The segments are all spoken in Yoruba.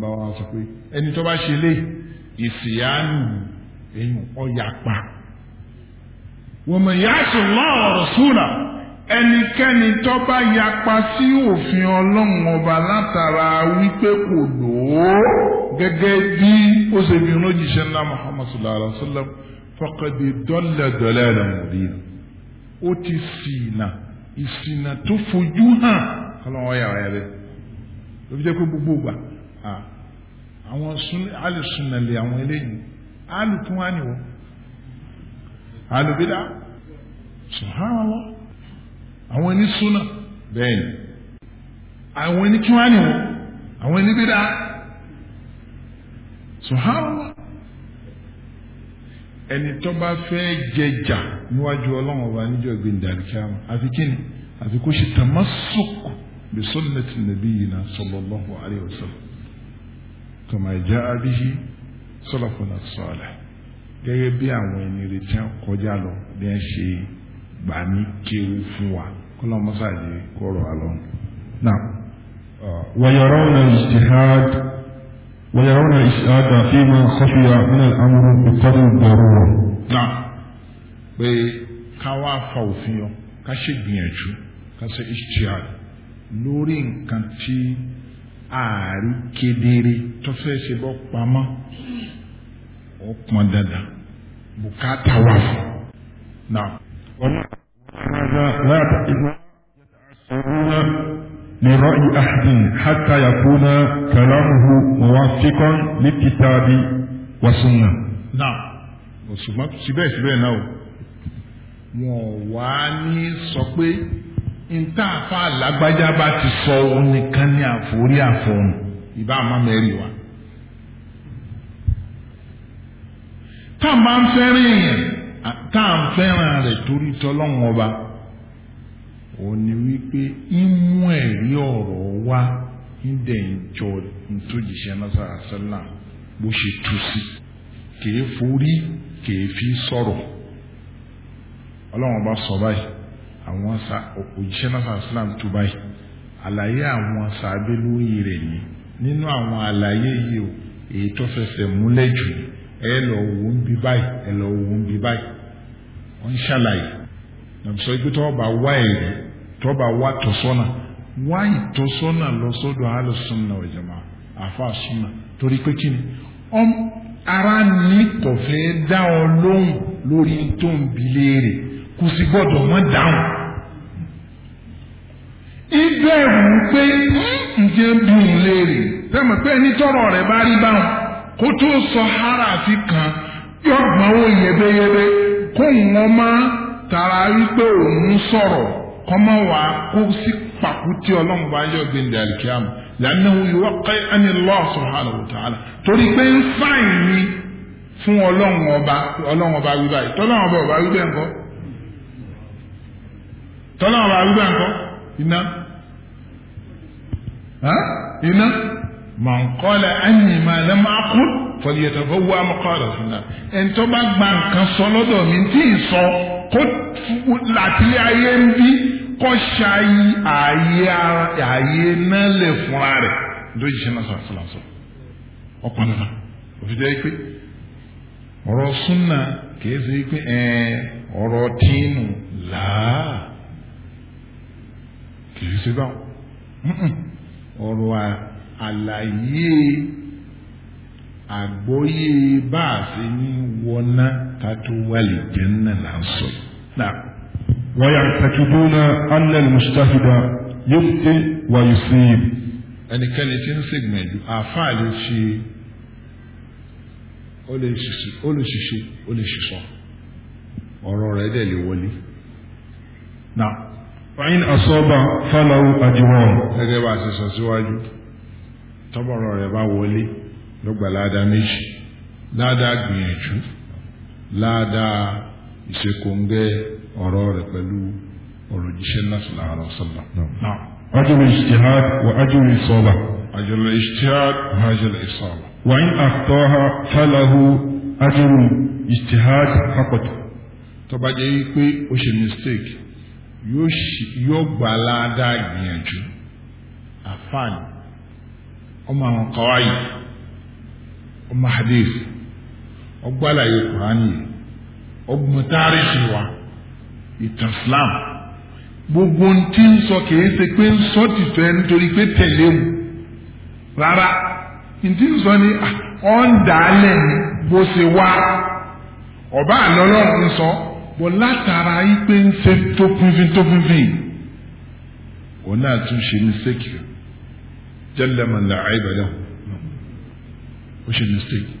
bá wa sọ pé ẹni tó bá ṣe lé ìsìyánu èyàn ọ̀yàpá wa man ya'si Allah wa rasulahu ẹnikẹ́ni tó bá yapa sí òfin ọlọ́run ọba látara wípé kò lò ó gẹ́gẹ́ bí ó ṣe fi ránjíṣẹ́ ńlá Muhammad sallallahu alaihi wa sallam faqad dalla dalalan mubina ó ti ṣìnà ìṣìnà tó fojú hàn kọ́lọ́wọ́ yàrá yàrá ló jẹ́ pé gbogbo ìgbà àwọn alùsùnàlẹ̀ àwọn eléyìí alùkún wá nìwọ alùbídà subhanallah àwọn onísúnà bẹ́ẹ̀ ni àwọn oníkún wá nìwọ àwọn oníbídà subhanallah ẹni tó bá fẹ́ jẹjà níwájú ọlọ́run ọba níjọ́ gbẹ̀ndàlùkíyàmù àfi kíni àfi kó ṣe tàmásùkù bí sunnati nabiyina sallallahu alayhi wa sallam kama jaa bihi salafuna salih gẹ́gẹ́ bí àwọn ẹni retí kọjá lọ bí wọ́n ṣe gbà ní kéwù fún wa kọ́lọ́ mọ́sàdé kọ́rọ̀ àlọ́ náà. ويرون الاجتهاد ويرون الاجتهاد فيما خفي من الامر بقدر الضروره. نعم. pé ká wá fa òfin yọ ká ṣègbìyànjú ká ṣe ìṣtìhàd lórí nǹkan tí ààrí kedere tó fẹ́ ṣe bọ́ pamọ́ ó pọn dandan bùkátà wà fún. Náà. لرأي أحد حتى يكون كلامه موافقا للكتاب والسنة. نعم. ṣùgbọ́n síbẹ̀síbẹ̀ náà wọ́n wá ní sọ pé nta àfa alágbájá ba ti sọ òun nìkan ní àforí àfọ̀hún ìbá àmọ́ mẹ́rin wa. tá a máa ń fẹ́ràn èèyàn tá a ń fẹ́ràn rẹ̀ torí tọ́lọ́wọ́n ọba òun ni wípé ìmú ẹ̀rí ọ̀rọ̀ wá nídẹ̀ ìjọ nítòjìṣẹ́ náà sàlá bó ṣe tú sí kèé forí kèé fi sọ̀rọ̀ ọlọ́run ọba sọ báyìí àwọn sa òjíṣẹ́ náà sàn islam tó báyìí àlàyé àwọn sàbẹ̀ lórí rẹ̀ ni nínú àwọn àlàyé yìí o èyí tó fẹsẹ̀ múlẹ̀ jù ẹ lọ wò ń bí báyìí ẹ lọ wò ń bí báyìí wọ́n ń ṣàlàyé nàbísọ ibi tó bá wá èrè tó bá wá tọ́sọ́nà wá ìtọ́sọ́nà lọ sọ́dọ̀ alùsùnà ọ̀jọ̀mọ́ àfa torí pé kí ni ara ní kò fẹ́ dá ọ lóhùn lórí tó ń bi léèrè kò sì gbọ́dọ̀ mọ́ dáhùn. ìbẹ̀rù pé ǹjẹ́ bí òun léèrè tẹ́mọ̀ pé ẹni tọrọ rẹ̀ bá rí báwọn kó tó sọ harafi kan yọ̀gbọ́n ó yẹbẹyẹbẹ kóun wọn máa tara wípé òun sọ̀rọ̀ kọ́mọ wá kó sí pàkútí ọlọ́run bá yọ gbẹ̀ndẹ̀ àlìkíyàmù lànà òyìnbó kẹ́ ẹni lọ́ọ̀sù subhanahu wa torí pé ń fàìn fún ọlọ́run ọba ọlọ́run ọba wíwáyé tọ́lọ́run ọba ọba wíwáyé ńkọ́ tọ́lá ọ̀rọ̀ àwígbà ńkọ́ iná iná màá ń kọ́lẹ̀ ẹ̀yìn máa lẹ́ máa kú fọlìyẹ̀tọ̀fọ́ wá mọ́kànlá fúnà ẹ̀ńtọ́ bá gba nǹkan sọ lọ́dọ̀ mi tí ì sọ kó làtìlẹ̀ ayé ń bí kọ́ ṣáyí ààyè náà lè fúnra rẹ̀ lójijì ṣe náà sọ̀rọ̀ sọ̀rọ̀ sọ̀rọ̀ òfin jẹ́ pé ọ̀rọ̀ súnà kìí ṣe pé ọ̀rọ̀ tìǹù làá kì í ṣe báwọn ọ̀rọ̀ àlàyé àgbọ́yé bá a ṣe ní wọná ká tó wà lè náà là ń sọ. ويعتقدون أن المجتهد يبطئ ويصيب ẹnikẹ́ni tí ń ṣègbìyànjú àáfàá lè ṣe ó lè ṣiṣẹ́ ó lè ṣiṣọ́ ọ̀rọ̀ rẹ̀ dẹ̀ lè wọlé. náà fàyín àsọ́ba fáláwù àjùwọ̀n. gẹ́gẹ́ bá a ṣe sọ síwájú tọ́bọ̀rọ̀ rẹ̀ bá wọlé ló gbà ládàá méjì ládàá gbìyànjú ládàá ìṣekòǹgẹ́ ọ̀rọ̀ rẹ̀ pẹ̀lú ọ̀rọ̀ jíṣẹ́ náà sọ̀rọ̀ àrọ̀ sọ̀rọ̀. ajúlù ìṣtihad wà ajúlù ìsọ̀bà. ajúlù ìṣtihad wà ajúlù ìsọ̀bà. wàyín àtọ́ha fáláwù ajúlù ìṣtihad pápọ̀tọ̀. tó bá jẹ́ ó ṣe mistake yóò gbà ládàá gbìyànjú àfáàní ọmọ àwọn yìí ọmọ hadith ọgbàlàyé kùránì ọgbọ̀n táríṣì wa ìtàn Islam gbogbo ohun tí ń sọ kìí ṣe pé ń sọ tìfẹ́ nítorí pé ni ọ̀ǹdàálẹ̀ bó ṣe wá ọba àlọ́lọ́run ń sọ. kò látara yìí pé ń ṣe tó pínfín tó pínfín òun náà tún ṣe mistake jẹlẹmọ làáyé bẹ̀rẹ̀ ó ṣe mistake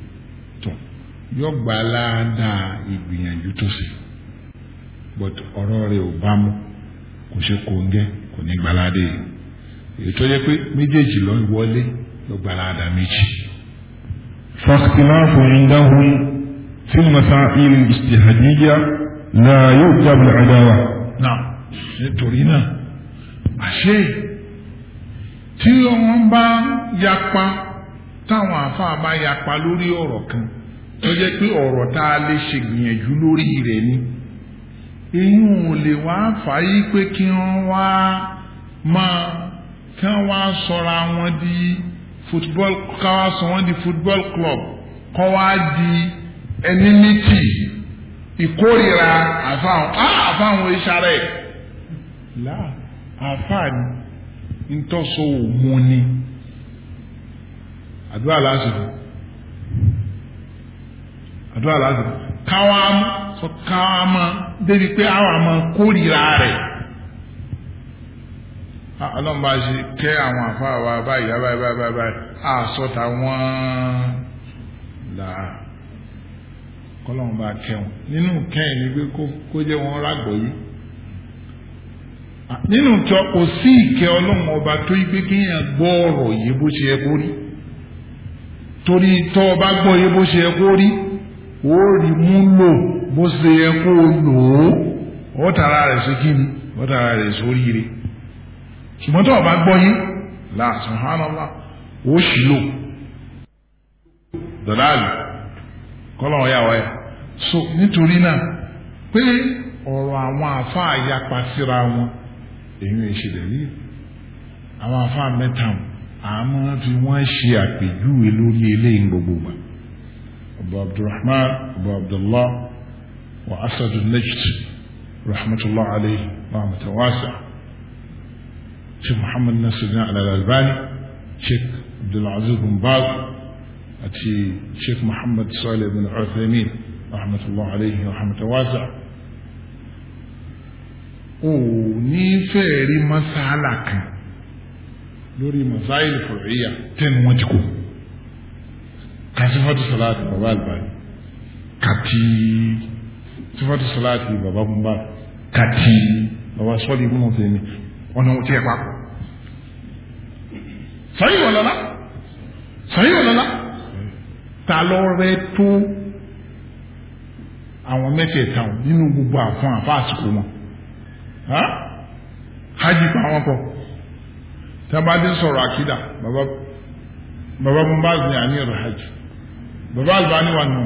tó yọ gbà ìgbìyànjú tó ṣe but ọ̀rọ̀ rẹ̀ ò bá mu kò ṣe kóńgẹ́ kò ní gbaládé yìí ètò yẹ pé méjèèjì lọ wọlé ló gbalada méjì. fàkìláfù ìdáhùn fílmọ̀sá ìlú ìṣèhàdíyà la yu'tabu al-adawa náà nítorí náà àṣé tí wọ́n bá yapa táwọn àfáà bá yapa lórí ọ̀rọ̀ kan tó jẹ́ pé ọ̀rọ̀ tá a lè ṣègbìyànjú lórí rẹ̀ ni eyín ò lè wá fà yí pé kí wọ́n wá máa kí wọ́n wá sọra wọn di football ká wá sọ wọn di football club kọ́ wá di enmity ìkórira àfáwọn á àfáwọn ah, ìṣàrẹ là àfáàní ntọ́sọ òmu ni àdúrà lásìkò àdúrà lásìkò káwọn á sọ káwọn á mọ débi pé àwọn àmọ kórira rẹ ah, ọlọ́mọba ṣe kẹ́ àwọn àfáà wa báyìí báyìí báyìí báyìí àsọ̀tà wọ́n là kọ́lọ́run bá kẹwọn nínú kẹ́yìn ni pé kó jẹ́ wọn rágbọ̀ yìí nínú tí kò sí ìkẹ́ ọlọ́run ọba tó yí pé kéèyàn gbọ́ ọ̀rọ̀ yìí bó ṣe yẹ kó rí torí tọ́ ọba gbọ́ yìí bó ṣe yẹ kó rí ó rí mú lò bó ṣe yẹ kó lò ó ó tara rẹ̀ sí kí ni ó tara rẹ̀ sórí rẹ̀ ṣùgbọ́n tọ́ ọba gbọ́ yìí subhanallah ó ṣì lò dọ̀láàlì kọ́lọ́wọ́ yà wáyà so nítorí náà pé ọ̀rọ̀ àwọn àfáà yapa síra wọn èyí ẹ̀ ṣe dẹ̀lí àwọn àfáà mẹ́ta wọn àmọ́ fi wọ́n ṣe àpèjúwe lórí eléyìí gbogbo gbà abu abdulrahman abu abdullah wa asadu najd rahmatulah alayhi rahmatan wasa sheikh muhammad nasiru al-albani sheikh abdulaziz bin baz àti sheikh muhammad salih ibn al-Uthaymin rahmatullahi alayhi rahmatan wasi'a ò ní fẹ́ẹ̀ rí masala kan lórí masáìlì fòrìyà tẹ́nu wọn ti kú kàṣífọ́tù sọláàtì bàbá àlùbáyé kàtí sífọ́tù sọláàtì bàbá bùnbà kàtí bàbá sọ́ọ̀lì ìbùnà tẹ̀mí ọ̀nà wọn ti ẹ̀ papọ̀ sọ́yìn wọ̀lọ́lá sọ́yìn wọ̀lọ́lá ta ló rẹ tó àwọn mẹ́tẹ̀ẹ̀ta wọn nínú gbogbo àwọn àfa àsìkò wọn hajj pa wọn kọ tábàdé sọ̀rọ̀ àkídà bàbá bàbá mo bá gbìn àníyàn hajj bàbá Albani wà nù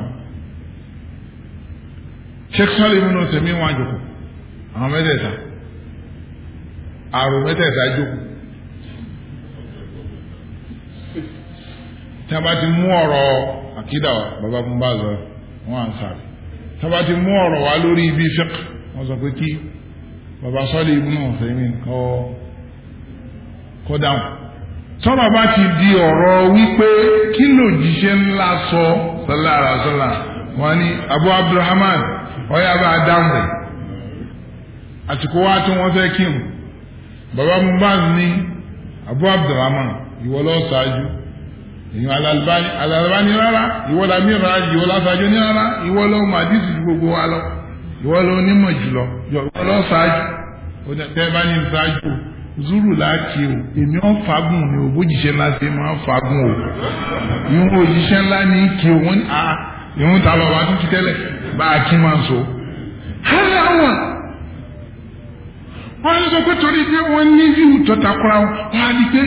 sheikh sọlẹ mi náà tẹmí wọn àjòkò àwọn mẹ́tẹ̀ẹ̀ta àrùn mẹ́tẹ̀ẹ̀ta àjòkò. tí a bá ti mú ọ̀rọ̀ àkídà bàbá mú bá zọ wọn à ń sáré tábà ti mú ọ̀rọ̀ wá lórí ibi fiqh wọn sọ pé kí bàbá sọ́lé ibùnú ọ̀sẹ̀ mi kọ́ kọ́ dáhùn tọ́rọ̀ bá ti di ọ̀rọ̀ wípé kí lòjíṣẹ́ ńlá sọ sọlára sọlá wọn ni abu abdulrahman ọyá bá àsìkò wa tí wọ́n fẹ́ kírun bàbá mubaz ní abu abdulrahman ìwọ lọ èyàn alalibani alalibani rárá ìwọ la mi ra ìwọ la ṣáájú ní rárá ìwọ lọ mọ àdìsí ju gbogbo wa lọ ìwọ lọ onímọ̀ jùlọ ìwọ lọ ṣáájú tẹ bá ní ṣáájú zuru láti o èmi ọ̀ fagun ni o bójìṣẹ́ ńlá ṣe máa fagun o ìwọ òjìṣẹ́ ńlá ní kí o wọ́n a ah, ìwọ́n ta bàbá tó ti tẹ́lẹ̀ bá a kí máa so. hali àwọn wọn ní sọ pé torí pé wọn ní yíwù tọ́ta kura wọn á di pé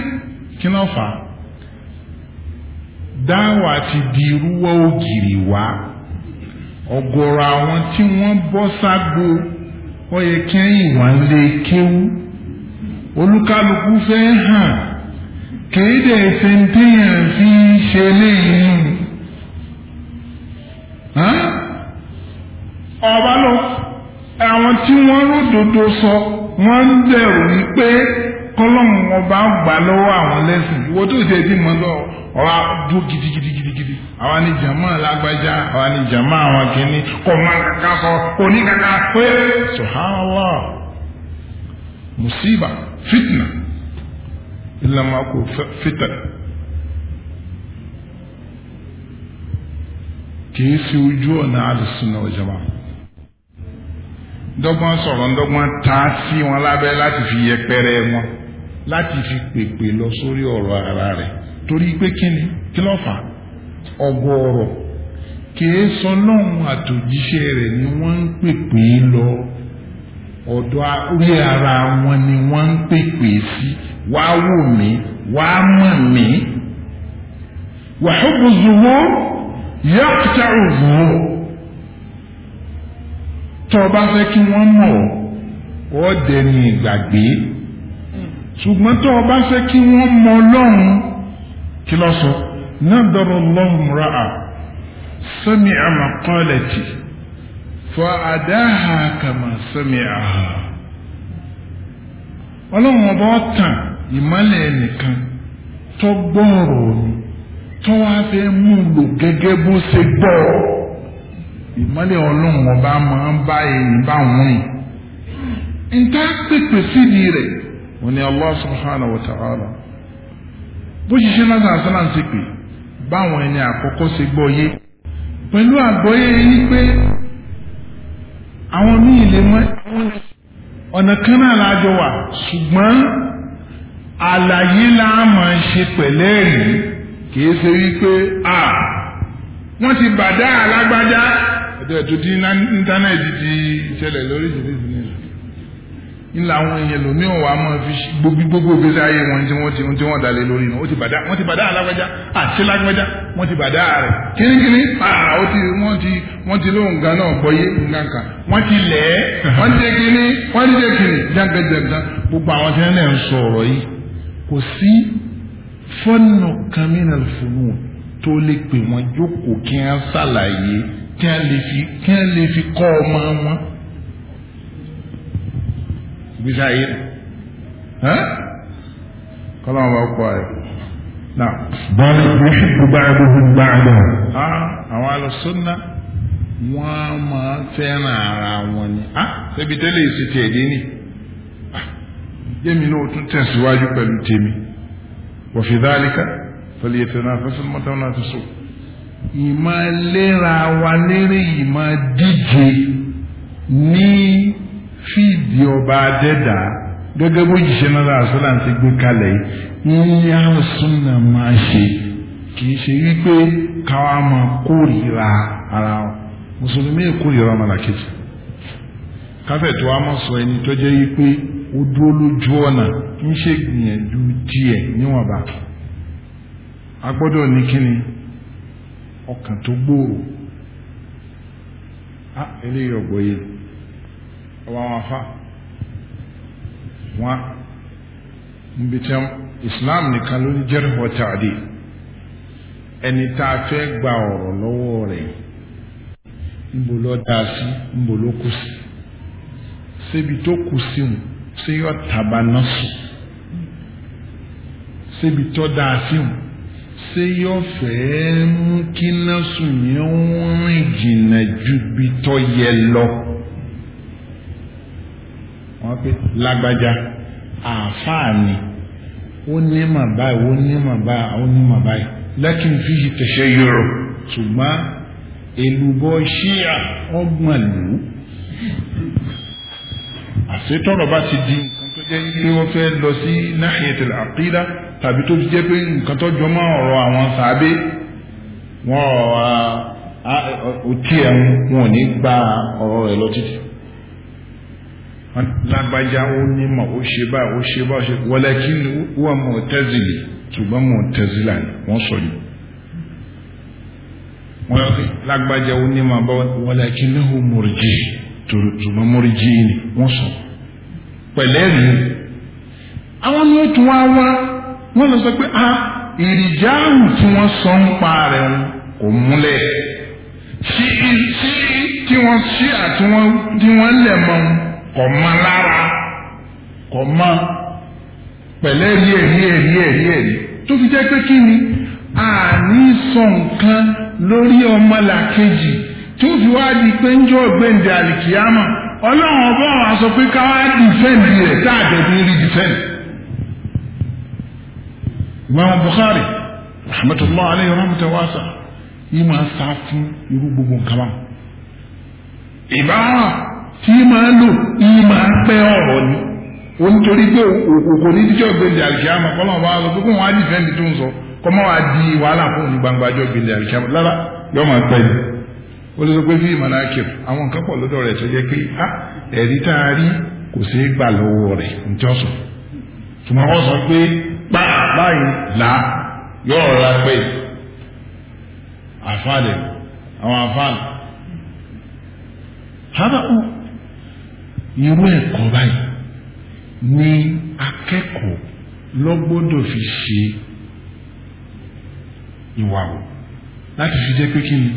kí náà fà á dáwà ti di irúwọ́ ògiri wá ọ̀gọ̀rọ̀ àwọn tí wọ́n bọ́ ságbo wọ́n yẹ kẹ́yìn wá lé kéwú olúkálukú fẹ́ hàn kéde ṣèǹtẹ̀yàn fi ṣe léyìn ọba lọ àwọn tí wọ́n ródòdó sọ wọ́n ń bẹ̀rù wípé kọ́lọ́mù ọba gbà lọ́wọ́ àwọn lẹ́sìn ìwọ tó ṣe ti mọ́ lọ ọba dúró gidigidigidigidi àwa ni jàmá lágbájá àwa ni jàmá àwọn kìíní kò má kàkà sọ òní kàkà pé subhanallah musiba fitna ìlànàkò fitan kìí sí ojú ọ̀nà àdìsúná ọ̀jọ̀má dọ́gbọ́n sọ̀rọ̀ dọ́gbọ́n ta sí wọn lábẹ́ láti fi yẹpẹrẹ wọn. láti fi pèpè lọ sórí ọ̀rọ̀ ara rẹ̀ torí pé kíni kí ló fà ọgọ́rọ̀ kìí sọ lọ́hùn àtòjíṣẹ́ rẹ̀ ni wọ́n ń pèpè lọ ọ̀dọ́ orí ara wọn ni wọ́n ń pèpè sí wá wò mí wá mọ̀ mí wàhùbùzùwò yọ̀kùtà òwò tó bá fẹ́ kí wọ́n mọ̀ ọ́ dẹni ìgbàgbé. ṣùgbọ́n tó o bá fẹ́ kí wọ́n mọ ọlọ́run kí lọ sọ nadara Allahu fọ sami'a kama sami'aha ọlọ́run ọba ọ̀tàn ìmọ̀lẹ̀ ẹnìkan tó gbọ́ ọ̀rọ̀ tó wá fẹ́ mú lò gẹ́gẹ́ bó ṣe gbọ́ ìmọ̀lẹ̀ ọlọ́run ọba máa ń bá ẹ̀yìn bá nta pèpè sídìí wọn ni Allah subhanahu wa ta'ala bó ṣiṣẹ́ náà sàn sàn ti pè báwọn ẹni àkọ́kọ́ ṣe gbọ́ yé pẹ̀lú àgbọ́yé yìí pé àwọn míì lè mọ ọ̀nà kan náà lájọ wà ṣùgbọ́n àlàyé láàmà ń ṣe pẹ̀lẹ́rì kìí ṣe wípé a wọ́n ti bàdá alágbájá ẹ̀dẹ̀ tó dín íńtánẹ́ẹ̀tì ti ìṣẹ̀lẹ̀ lóríṣiríṣi ńlá àwọn èèyàn lòmí ọ̀wà máa fi gbogbo gbogbo gbèsè ayé wọn tí wọ́n ti tí wọ́n dalẹ̀ lórí wọn ti bàdá wọ́n ti bàdá alágbájá àti lágbájá wọ́n ti bàdá rẹ̀ kínníkínní àà ah, ó ti wọ́n ti wọ́n ti lóhùn gan náà gbọ́yé nǹkan kan wọ́n ti lẹ̀ ẹ́ wọ́n ti jẹ́ kínní wọ́n ti jẹ́ kínní jágẹjẹgẹ gbogbo àwọn tí wọ́n lè ń sọ ọ̀rọ̀ yìí kò sí fọ́nà kamínà ìgbésí ayé rẹ̀ kọ́lá wọn bá kọ́ ẹ̀ náà. bọ́ọ̀lù yóò ṣubú báyìí gbogbo báyìí. àwọn alùsùnà wọ́n máa fẹ́ràn ara wọn ni ṣébi tẹ́lẹ̀ èsì tiẹ̀ dé ni jẹ́mi náà ó tún tẹ̀síwájú pẹ̀lú tèmi wa fi dhalika falyatanafasil mutanafisun ìmọ̀ lera wa lérè ìmọ̀ díje ní. bí ọba adẹ́dà gẹ́gẹ́ bó jìṣẹ́ náírà àṣọlá ti gbé kalẹ̀ yìí ní àṣùnà máa ṣe kì í ṣe wípé káwa máa kórìíra ara wọn mùsùlùmí kórìíra ọmọlàkejì káfẹ́ tó wá mọ̀ sọ ẹni tó jẹ́ wípé ó dúró lójú ọ̀nà kì a gbọ́dọ̀ ní kíni ọkàn tó gbòòrò ah, wọn níbi tí islam nìkan ló ní jarh wa ta'dil ẹni tá a fẹ́ gba ọ̀rọ̀ lọ́wọ́ rẹ̀ níbo ló dáa sí níbo ló kù sí síbi tó kù sí wọn ṣé yọ tàbá náà sùn síbi tó dáa sí wọn ṣé yọ wọn pé lágbájá àáfàá ni ó ní mà báyìí ó ní mà báyìí ó ní mà báyìí lẹ́kìn fi ṣe tẹ̀sẹ̀ yòrò ṣùgbọ́n èlùbọ́ ṣíà ọgbọ̀n lù ú àṣetọ́rọ̀ bá ti di nǹkan tó jẹ́ pé wọ́n fẹ́ lọ sí nahiyatul aqida tàbí tó ti jẹ́ pé nǹkan tó jọmọ́ ọ̀rọ̀ àwọn sàábé wọn ò tiẹ̀ wọn ò ní gba ọ̀rọ̀ rẹ̀ lọ títí lágbájá ó nímọ̀ ó ṣe bá ó ṣe bá ó ṣe walakin huwa mu'tazili ṣùgbọ́n mu'tazila ni wọ́n sọ ni wọ́n lágbájá ó nímọ̀ bá walakinahu murji ṣùgbọ́n murji ni wọ́n sọ pẹ̀lẹ́rì àwọn ni ó tún wá wá wọ́n lọ sọ pé a ah, ìrìjáàrù tí wọ́n sọ ń pa rẹ̀ kò múlẹ̀ sí tí wọ́n sí àti wọ́n lẹ̀ mọ́ wọn kò mọ lára kò mọ pẹ̀lẹ́ rí ẹ̀rí ẹ̀rí ẹ̀rí ẹ̀rí tó fi jẹ́ pé kí ni àní sọ nǹkan lórí ọmọlàkejì tó fi wá di pé ń jọ gbẹ̀ǹdẹ̀ àlìkìyàmọ̀ ọlọ́run ọba wa sọ pé ká wá dìfẹ́ǹdì rẹ̀ tá a jẹ̀bi rí dìfẹ́ǹdì. Imam Bukhari rahmatullahi alayhi rahmatullahi wasa yìí máa sá fún irú gbogbo nǹkan báwọn. ìbára tí máa lò yìí máa pẹ́ ọ̀rọ̀ ni wọ́n nítorí pé òkòkò ní díjọ́ gbèndé àlìkíyàmà kọ́lá wọn bá lọ pé kó wọn á tó ń sọ kọ́ mọ́ wa di wàhálà fún òní gbangba jọ́ gbèndé lára yọ máa pẹ́ ó lè sọ pé àwọn nǹkan pọ̀ lọ́dọ̀ rẹ̀ tó jẹ́ pé ẹ̀rí tá a rí kò sí gbà lọ́wọ́ rẹ̀ irú ẹ̀kọ́ báyìí ni akẹ́kọ̀ọ́ ló gbọ́dọ̀ fi ṣe ìwà wò láti fi jẹ́ pé kí ni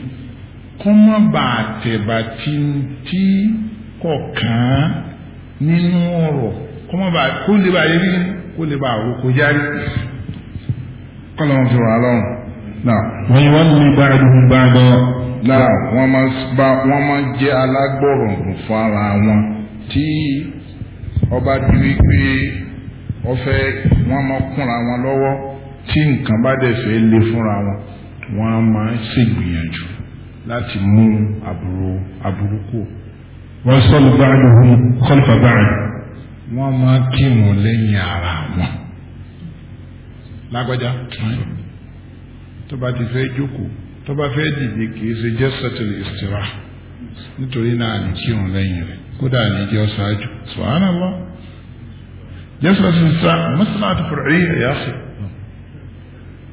kó má bàa tẹ̀bà tí tí kọ̀ọ̀kan nínú ọ̀rọ̀ kó má bàa kó lè bàa yẹrí kó lè bàa roko járí kọ́lọ́ wọn fi ràn án wọ́n yìí wọ́n mi bá ẹrù gbàgbọ́. náà wọ́n máa jẹ́ alágbọ̀rọ̀ fún ara wọn tí ọba di wípé ọfẹ wọn máa kúnra wọn lọ́wọ́ tí nǹkan bá dẹ̀ fẹ́ lé fúnra wọn wọn á máa ṣègbìyànjú láti mú aburú aburú kù. wọ́n sọ́lù báyìí lóhùn kọ́lùfà báyìí. wọ́n máa kírun lẹ́yìn ara wọn. lágbájá tó bá ti fẹ́ jókòó tó bá fẹ́ dìde kì í ṣe jẹ́ sẹ́tìlì ìsìtìrà nítorí náà ní kírun lẹ́yìn rẹ̀ kódà níjẹ́ ṣáájú subhanallah jésù ọ̀sìn sá mọ́sálásí fúrẹ́ ẹ̀yà sí.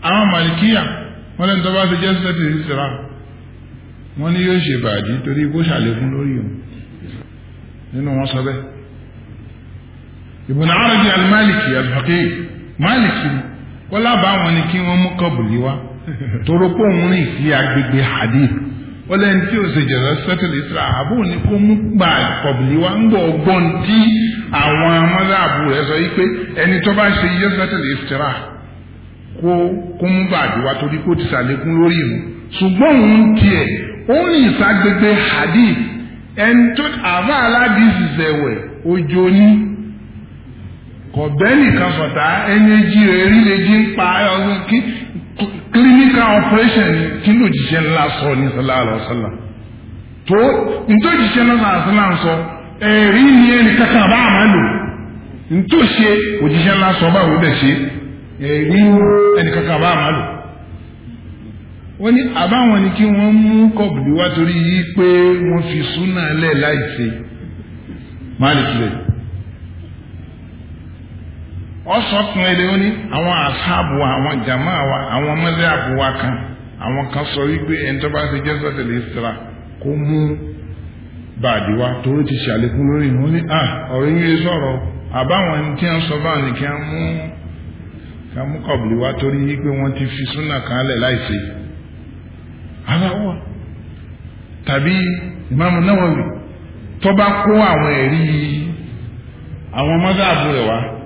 àwọn màlìkíyà wọ́n lẹ́nu tó bá ti jésù ẹ̀tì sísèrà wọ́n ní yóò ṣe bàdí torí bó ṣàlékún lórí òun nínú wọn sọ bẹ́ẹ̀. Ibn Arabi al-Maliki al-Faqih máàlìkì lábàá wọn ni kí wọ́n mú kọ́bùlì wá torókó òun rìn sí agbègbè hadith wọ́n lẹ́yìn tí o ṣe jẹ̀rọ sọ́tìlì ìsra àbò ní kó mú gba ìkọ̀bìlì wa ń gbọ́ ọgbọ́n tí àwọn amọ́dàbò rẹ̀ sọ yìí pé ẹni tó bá ṣe iye sọ́tìlì ìsra kó kó mú bàdì wa torí kó ti ṣàlékún lórí ìlú ṣùgbọ́n òun tiẹ̀ ó rìn ìsàgbègbè hadith ẹni tó àbá aládìsí ṣẹ̀wẹ̀ ojo ní kọ̀bẹ́nì kan sọ̀tà ẹni jí rẹ̀ rí lè jí ń pa ọdún kí clinical operation kí ló jíṣẹ́ ńlá sọ ní sallallahu alaihi wasallam tó nítorí jíṣẹ́ ńlá sallallahu alaihi wasallam ẹ̀rí ni ẹnì kankan bá àmà lò nítorí ṣe òjíṣẹ́ ńlá sọ báwo dẹ̀ ṣe ẹ̀rí ẹnì kankan bá àmà lò wọ́n ní àbáwọn ni kí wọ́n mú kọ̀bùdù wá torí yí pé wọ́n fi súnà lẹ̀ láì ṣe máàlì tilẹ̀ ọsọ tún ẹ onye awọn àwọn àṣàbù awọn àwọn jàmá wa àwọn mẹ́lẹ́ àbù wa kan àwọn kan sọ wípé ẹni ṣe jẹ́ sọ́tẹ̀lẹ̀ ìsira kó mú bàdí wa torí ti ṣàlékún lórí ìwọ́n ní ọ̀rọ̀ yín sọ̀rọ̀ àbáwọn ẹni tí wọ́n sọ báwọn ni kí wọ́n mú ká mú kọ̀bìlì wa torí wọ́n ti fi súnà kálẹ̀ láìsè aláwọ̀ tàbí ìmáàmù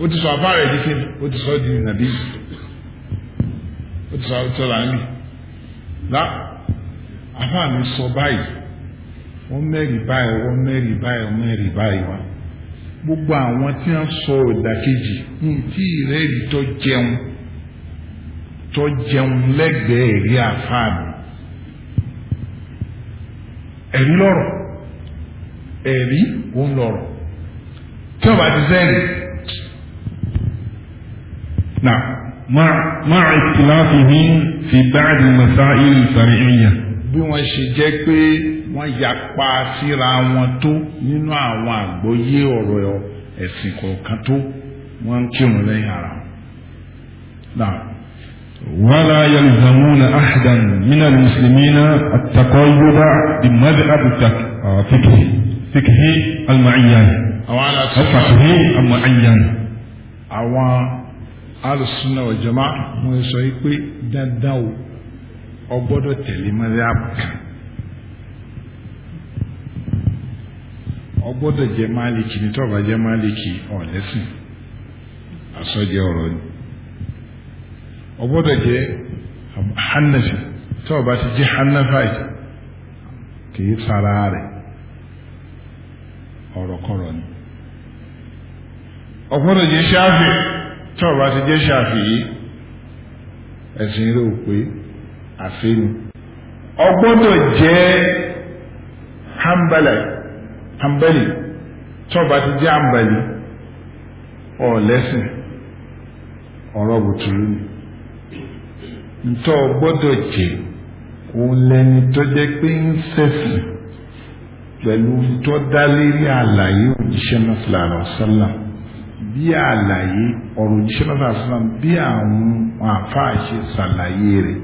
o ti sọ àbá rẹ̀ di kí ó ti sọ di nàbí o ti sọ àwùjọ làánì lá àbá mi sọ báyìí wọ́n mẹ́rìí báyìí wọ́n mẹ́rìí báyìí wọ́n mẹ́rìí báyìí wá gbogbo àwọn tí wọ́n sọ ìdàkejì tí ìrẹ́rìí tó jẹun tó jẹun lẹ́gbẹ̀ẹ́ rí àfa mi ẹ̀rí lọ́rọ̀ òun lọ́rọ̀ tí ọba ti sẹ́yìn. نعم مع مع اختلافهم في بعض المسائل الفرعية bí wọ́n ṣe jẹ́ pé wọ́n yapa síra wọn tó nínú àwọn àgbọ́yé ọ̀rọ̀ ẹ̀sìn kọ̀ọ̀kan tó wọ́n ń kírun lẹ́yìn ara wọn. ولا يلزمون أحدا من المسلمين التقيد بمذهب فقه فقه المعين أو على فقه المعين àwọn alùsùnà ọ̀jọ̀má wọ́n sọ pé dandan o ọgbọ́dọ̀ tẹ̀lé mọ́dàbù kan ọgbọ́dọ̀ jẹ máàlìkì ní tọ́ba jẹ máàlìkì ọ̀lẹ́sìn àsọjẹ ọ̀rọ̀ ni ọgbọ́dọ̀ jẹ hannafi tọ́ba ti jẹ hannafai kìí sara rẹ̀ ọ̀rọ̀kọ̀rọ̀ ni ọgbọ́dọ̀ tó ti jẹ́ ṣàfihì ẹ̀sìn ilé òpé pé jẹ́ hambali hambali ti jẹ́ hambali ọ̀lẹ́sìn ọ̀rọ̀ bùtùrù ni ntọ́ gbọ́dọ̀ jẹ́ òun lẹni tó jẹ́ pé ń pẹ̀lú tó dá lérí àlàyé náà bí àlàyé ọ̀rọ̀ òjíṣẹ́ náà bí àwọn àfáà ṣe ṣàlàyé rẹ̀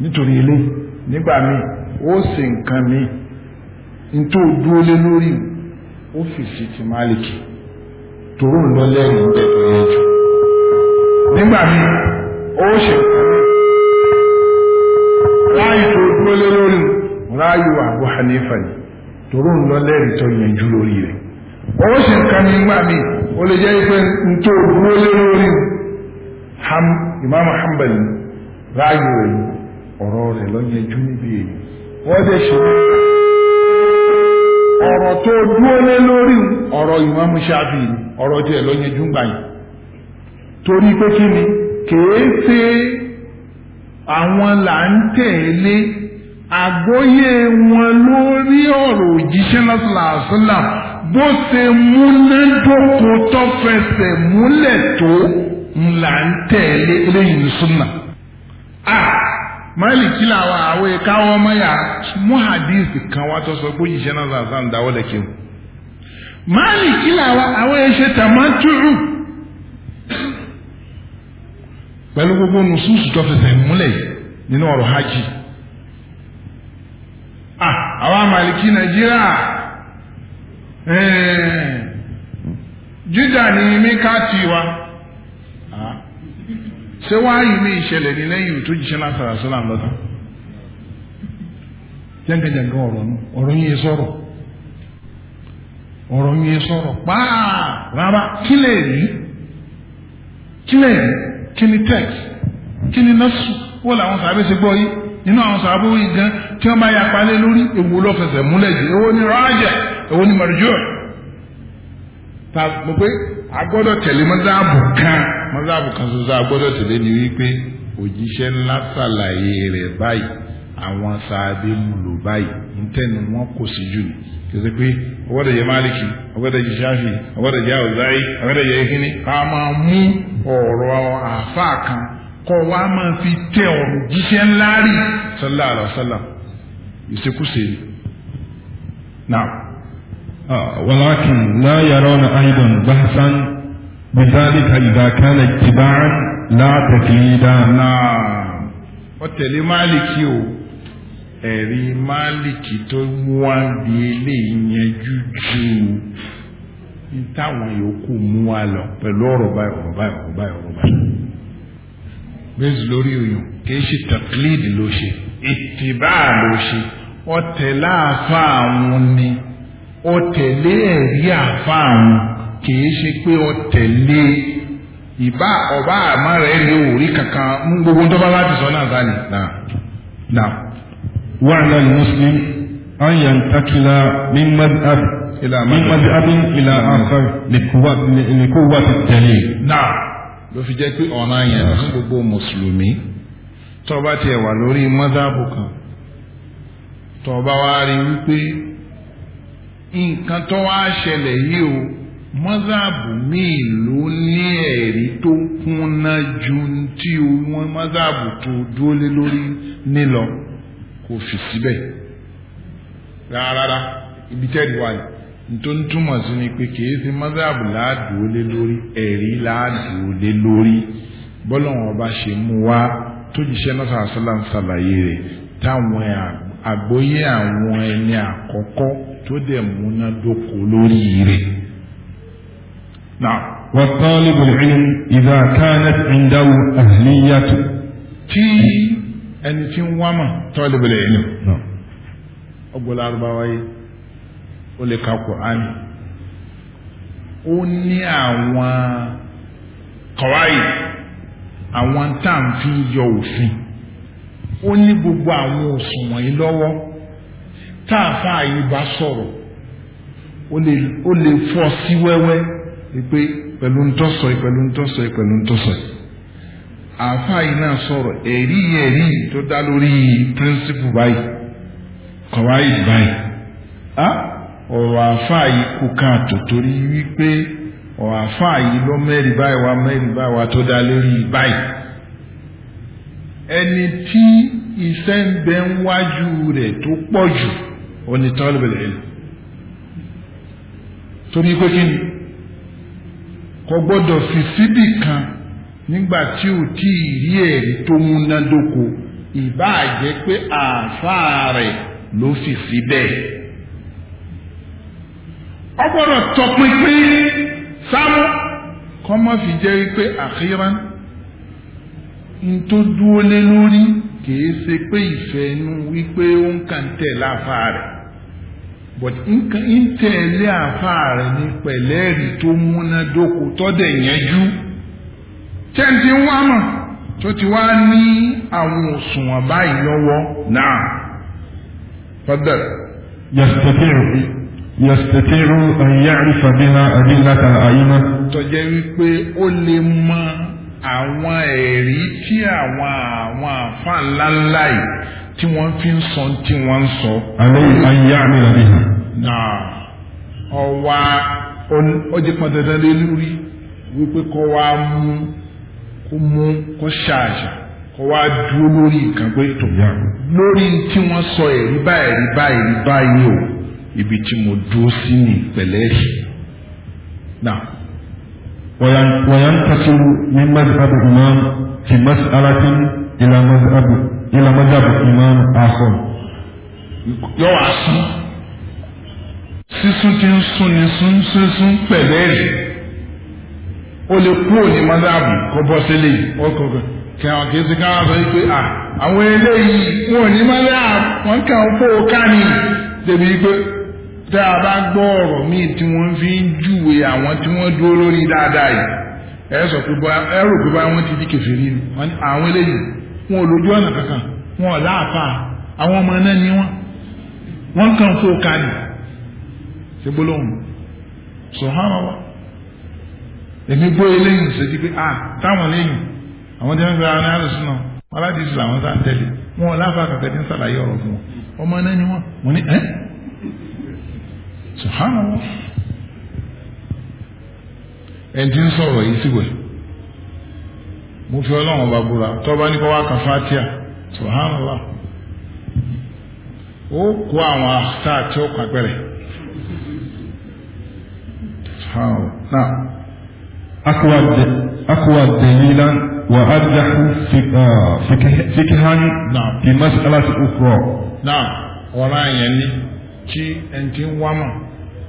nítorí ilé nígbà míì ó sì nǹkan míì nítorí ó dúró lé lórí ọ́fíìsì ti máàlìkì tòró ń lọ lẹ́rìí ń bẹ̀ jù nígbà míì ó ṣe nǹkan míì tó dúró lé lórí ni ń lọ ó lè jẹ́ nto n tó dúró imam hanbali ráàyè rẹ̀ ọ̀rọ̀ ọrụ ọrụ níbi èyí ọrụ dẹ̀ ṣe ọ̀rọ̀ ọrụ dúró lé imam shafi ọrụ tiẹ̀ lọ́yẹjú ń gbà yìí torí pé bó ṣe múlẹ̀ dóko tó fẹsẹ̀ múlẹ̀ tó ńlá ń tẹ̀lé a Málíkì làwọn àwọn ìkáwọ́ ọmọ yà mú hadith kan wá tó sọ pé òjìṣẹ́ náà zàzà ń dáwọ́ lẹ́kẹ́ o. gbogbo nùsùsù tó fẹsẹ̀ múlẹ̀ a Nàìjíríà. ee jíjà ní míkàtì wa ṣé wáyé mi ìṣẹ̀lẹ̀ ní lẹ́yìn tó jíṣẹ́ lásàrà sọ́là lọ́tà jẹ́ngẹ́jẹ́ngẹ́ ọ̀rọ̀ nù ọ̀rọ̀ yín sọ̀rọ̀ ọ̀rọ̀ yín sọ̀rọ̀ pàà rárá kí lè rí kí lè rí kí ni text kí ni nọ́ọ̀sù wọ́n nínú àwọn sàbó ìgan tí wọ́n bá ya palẹ̀ lórí èwo ló fẹsẹ̀ múlẹ̀ jù èwo ni rájà èwo ni mọ̀rẹ́jọ́ ta mo pé a gbọ́dọ̀ tẹ̀lé mọ́sáàbù kan mọ́sáàbù kan ṣoṣo a gbọ́dọ̀ tẹ̀lé ni wípé òjíṣẹ́ ńlá ṣàlàyé rẹ̀ báyìí àwọn sàbí mu lò báyìí ntẹ́ni wọn kò sí jù ní pé ọgbọ́dọ̀ yẹ máàlìkì ọgbọ́dọ̀ yẹ ṣáfì ọgbọ́dọ̀ yẹ ọ̀záì ọgbọ́dọ̀ yẹ ìhíní ká máa mú ọ̀rọ̀ àfáà kan kọ́ wa máa fi tẹ ọ̀rọ̀ jíṣẹ́ ńlá rí sallallahu alaihi wasallam ìṣekúṣe ni. ولكن لا يرون أيضا بحثا بذلك إذا كان اتباعا لا تقليدا لا ọtẹlẹ máàlìkì o ẹ̀rí máàlìkì tó mú wá bí eléyìí yẹn jújù ní táwọn yòókù mú wá lọ pẹ̀lú ọ̀rọ̀ báyìí ọ̀rọ̀ báyìí ọ̀rọ̀ báyìí ọ̀rọ̀ báyìí bẹ́ẹ̀sì lórí òyìn kìí ṣe taklid ló ṣe ìtìbá ló ṣe ó tẹ̀lé àfa àwọn ni ó tẹ̀lé ẹ̀rí àfa àwọn kìí ṣe pé ó tẹ̀lé ìbá ọba àmọ́ rẹ̀ lè òrí kankan mú gbogbo tó bá láti sọ náà sáni. وعلى المسلم أن ينتقل من مذهب إلى مذهب إلى آخر لقوة الدليل. نعم ló fi jẹ́ pé ọ̀nà yẹn fún gbogbo mùsùlùmí tó bá tiẹ̀ wà lórí mọ́sáàbù kan tó bá wá rí wípé nǹkan tó wá ṣẹlẹ̀ yìí o mọ́sáàbù míì ló ní ẹ̀rí tó kúnná ju tí wọ́n mọ́sáàbù tó dúró lé lórí nílọ kò fi síbẹ̀ rárá ibi tẹ́ẹ̀dì wáyé. tó ń túmọ̀ sí ni pé kìí ṣe mọ́sáàbù láàdúró lé lórí ẹ̀rí láàdúró lé lórí bọ́lọ́wọ́n ọba ṣe mú wá tó jíṣẹ́ náà sàlám ṣàlàyé rẹ̀ táwọn àgbóyé àwọn ẹni àkọ́kọ́ tó dẹ̀ múnádóko lórí rẹ̀. وطالب العلم إذا كانت عنده أهلية tí ẹni tí ń wá mọ̀ طالب العلم ọgbọ́n lárúbáwá yìí. ó lè ka Kùránì ó ní àwọn kọ̀wáì àwọn tá à ń fi yọ òfin ó ní gbogbo àwọn òṣùwọ̀n yìí lọ́wọ́ tá a fa àyè bá sọ̀rọ̀ ó lè fọ́ sí wẹ́wẹ́ pé pẹ̀lú ntọ́sọ̀ yìí pẹ̀lú ntọ́sọ̀ pẹ̀lú ntọ́sọ̀ yìí yìí náà sọ̀rọ̀ ẹ̀rí ẹ̀rí tó dá lórí píríncípù báyìí kọ̀wáì báyìí. Ah! ọ̀rọ̀ àfáà yìí kan káàtó torí wípé ọ̀rọ̀ àfáà yìí ló mẹ́rin báyìí wá mẹ́rin báyìí wá tó dá lórí báyìí ẹni tí iṣẹ́ ń bẹ ń wájú rẹ̀ tó pọ̀ jù onítọ́lùbẹ̀lẹ̀ lò torí pé kí ni kò gbọ́dọ̀ fi síbì kan nígbà tí ò tí ì rí ẹ̀rí tó múnádóko ìbáà jẹ́ ọgbọ́dọ̀ tọpinpin sámú kọ́mọ́ fi jẹ́ wípé àkíran ń tó dúró lé lórí kìí ṣe pé ìfẹ́ inú wípé ó ń tẹ̀ rẹ̀ but ń tẹ̀lé àáfáà rẹ̀ ní pẹ̀lẹ́rì tó tọ́dẹ̀ tẹ́ǹtì ń wá mọ̀ tó ti wá ní àwọn òṣùwọ̀n yastati'u an ya'rifa biha adillata al-a'imma. tó jẹ́ wípé ó lè mọ àwọn ẹ̀rí tí àwọn àwọn àfa ńláńlá yìí tí wọ́n fi ń sọ tí wọ́n ń sọ. alẹ́ an ya'mila biha. náà ọwa ó jẹ́ pọn dandan lé lórí wípé kọ́ wa mú kó mú kó ṣàṣà kọ́ wa dúró lórí nǹkan pé tó lórí tí wọ́n sọ ẹ̀rí báyìí ẹ̀rí báyìí ẹ̀rí báyìí o ibi tí mo dúró sí ní pẹ̀lẹ́ rí náà wọ̀yán tasiru ní mazhabu imam fi mas'alatin ila mazhabu ila mazhabu imam akhar yọ wá sún sísún tí ń sún ni sún sísún pẹ̀lẹ́ rí o lè kú òní mazhabu kọ́ bọ́ sílẹ̀ ọkọ̀ kan kí àwọn kìí sí káwọn sọ wípé à àwọn eléyìí wọn ò ní mazhabu wọn kàn ń fò ká ní débi tá a bá gbọ́ ọ̀rọ̀ míì tí wọ́n fi ń júwe àwọn tí wọ́n dúró lórí dáadáa yìí ẹ sọ pé bá ẹ rò pé bá wọ́n ti di àwọn eléyìí wọn ò lójú ọ̀nà wọn ò àwọn ọmọ a táwọn eléyìí àwọn aládìsí làwọn ń tẹ̀lé wọn ò ń subhanallah ẹni tí ń sọ̀rọ̀ yìí sí mo fi ọlọ́run ọba búra tọ́ba ní kọ́ kan fatia subhanallah ó kó àwọn àṣà àti ọkọ̀ àpẹẹrẹ subhanallah náà. أقوى أقوى Na وأرجح فقها نعم tí ẹni tí ń wá mọ̀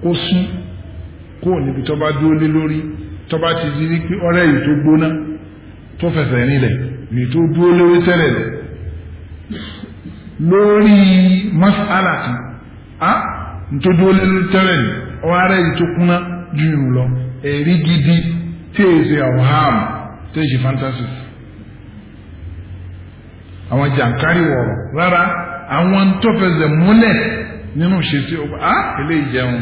kó sún kúrò níbi tó bá dúró lé lórí tó bá ti di pé ọ̀rẹ́ yìí tó gbóná tó fẹsẹ̀ nílẹ̀ yìí tó dúró lórí tẹ́lẹ̀ lọ lórí masala kan a tó dúró lé lórí tẹ́lẹ̀ ni ọ̀rẹ́ yìí tó kúnná ju ìrù lọ ẹ̀rí gidi tí èyí ṣe àwòhàn tí èyí ṣe fantasy àwọn jàǹkárí wọ̀rọ̀ rárá àwọn tó fẹsẹ̀ múlẹ̀ nínú ìṣesí ọba á ah, eléyìí jẹun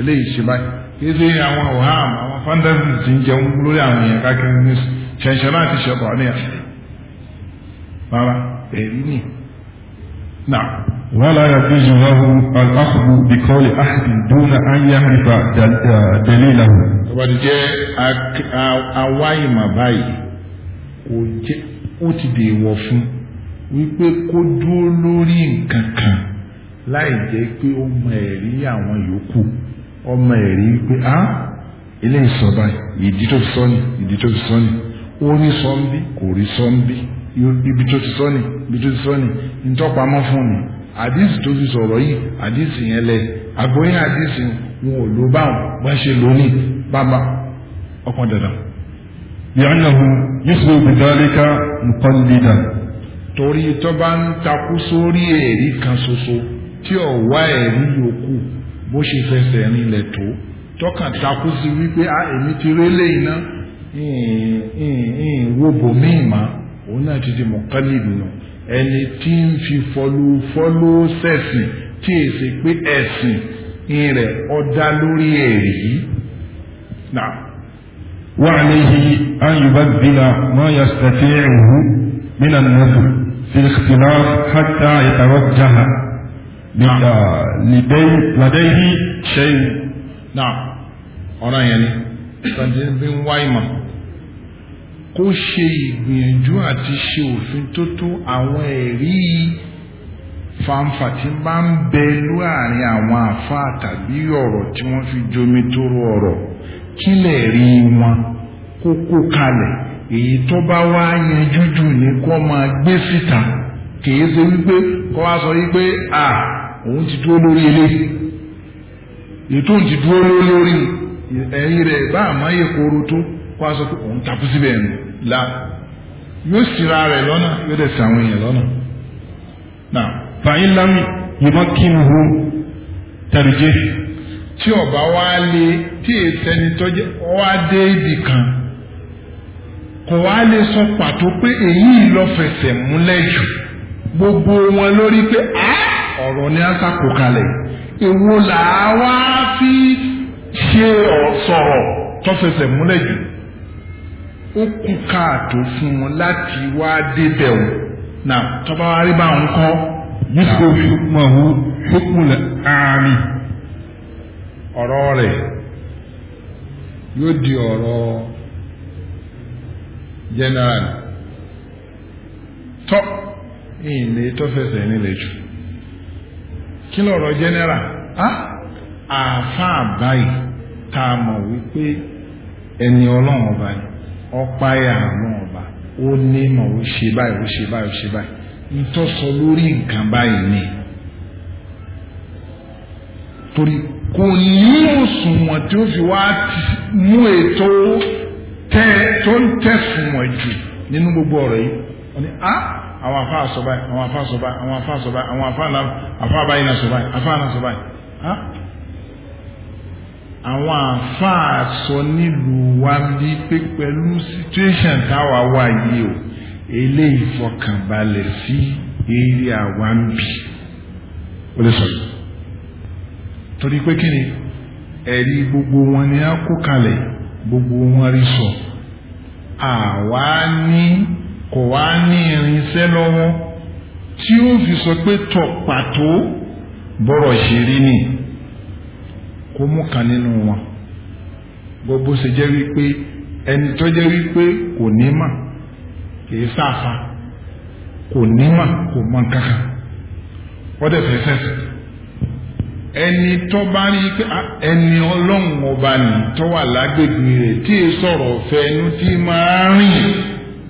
eléyìí ṣe báyìí kìí ṣe àwọn ọ̀hán àwọn fantasy ti ń jẹun lórí àwọn èèyàn káàkiri ní ṣẹ̀ṣẹ̀ láti ṣẹ̀tọ̀ àníyàn rárá èyí ni. ولا يجوز له الأخذ بقول أحد دون أن يعرف دليله. tọ́ba ti jẹ́ awáyìmọ̀ báyìí ó ti dèèwọ̀ fún wípé kó dúró lórí nǹkan kan láì jẹ́ pé ó mọ ẹ̀rí àwọn yòókù ó mọ ẹ̀rí pé á ilé ìsọba ìdí tó fi sọ ni ìdí tó fi sọ ni ó rí sọ ń bí kò rí sọ ń bí ibi tó ti sọ ni ibi tó ti sọ ni ntọ́pamọ́ fún ni àdìsí tó fi sọ̀rọ̀ yìí àdìsí yẹn lẹ àgbóyè àdìsí wọn ò ló báwọn wọ́n ṣe lónìí bàbá ọkàn dandan. yànnàhùn yusuf bidalika mukallida. torí tó bá ń takú sórí ẹ̀rí kan ṣoṣo tí ò wá ẹ̀rí yòókù bó ṣe fẹsẹ̀ rinlẹ̀ tó tọkàn takú sí wípé a ah, èmi ti rélé iná wo bòmíì mà òun náà ti di mọ̀kálìbì nù ẹni tí ń fi fọlú fọlú sẹ̀sìn tí èsì pé ẹ̀sìn rẹ̀ ọ̀dá lórí ẹ̀rí وعليه أن يبذل ما يستطيعه من النذر في الاختلاف حتى يتوجه لديه شيء نعم ọ̀rọ̀ yẹn ni tọ́jú bí ń wá kó ṣe ìgbìyànjú àti ṣe òfin tó tó àwọn ẹ̀rí fanfa tí bá ń bẹ láàrin àwọn àfa tàbí ọ̀rọ̀ tí wọ́n fi jomi tóró ọ̀rọ̀ lè rí wọn kó kó èyí tó bá wá ní kó máa gbé síta kì í ṣe wípé kó sọ wípé à. òun ti dúró lórí eléyìí ètò òun ti dúró lórí ẹ̀yìn rẹ̀ bá àmáyé kóró tó kó aṣọ pé òun takú síbẹ̀ ẹ̀ la yóò sira rẹ̀ lọ́nà yóò dẹ̀ sàwọn èèyàn lọ́nà. na fàyín lámì yìí kí n hu tàbíjẹ́. tí ọba wa lè tí èsẹ́ni tọ́jú ọwá dé ibì kan kò wá lè sọ pàtó pé èyí lọ fẹsẹ̀ múlẹ̀ jù gbogbo wọn lórí pé áá. ọ̀rọ̀ ni a sàkó kalẹ̀ èwo là wá fi ṣe ọ̀sọ̀rọ̀ tó múlẹ̀ jù ó kú káàtó fún wọn láti wá débẹ̀ wọn nà tọ́ba wa rí bá kọ́. yíṣu hukmahu hukmul aami. ọ̀rọ̀ rẹ̀ yóò di ọ̀rọ̀ general tọ́ nílẹ̀ jù. kí lọ̀rọ̀ general àáfàá báyìí tá a mọ̀ wípé ẹni ọlọ́run ọba ni ọ̀páyà àwọn ọba ó ní mọ̀ ó ṣe báyìí ó ṣe báyìí ó ṣe báyìí ntọ́sọ lórí nǹkan báyìí ni torí kò ní òṣùwọ̀n tí ó fi wá mú ètò tó ń tẹ̀sùn wọ̀n jù nínú gbogbo ọ̀rọ̀ yìí wọ́n ní ah àwọn afá àsọ̀bá àwọn afá àsọ̀bá àwọn afá àsọ̀bá àwọn afá àbáyé náà sọ̀bá afá náà sọ̀bá àwọn afá àsọ nílùú wa bí pé pẹ̀lú situation táwa wà yìí o eléyìí fọkànbalẹ̀ sí eré àwa ń bì ó lè sọ̀rọ̀ torí pé kí ni ẹ̀rí gbogbo wọn ni a kó kalẹ̀ gbogbo wọn rí sọ àwa ní kò wá ní irinṣẹ́ lọ́wọ́ tí ó fi sọ pé tọ̀ pàtó bọ́rọ̀ ṣe rí ni kó mú kan nínú wọn gbogbo ṣe jẹ́ wípé ẹni tó jẹ́ wípé kò ní mà kìí sáfa kò ní mà kò mọ kankan wọ́n dẹ̀ fẹ́ fẹ́ fẹ́ ẹni tó bá rí ah, ẹni ọlọ́run ọba nì wà lágbègbè rẹ̀ tí ì sọ̀rọ̀ fẹ́nu tí máa rìn.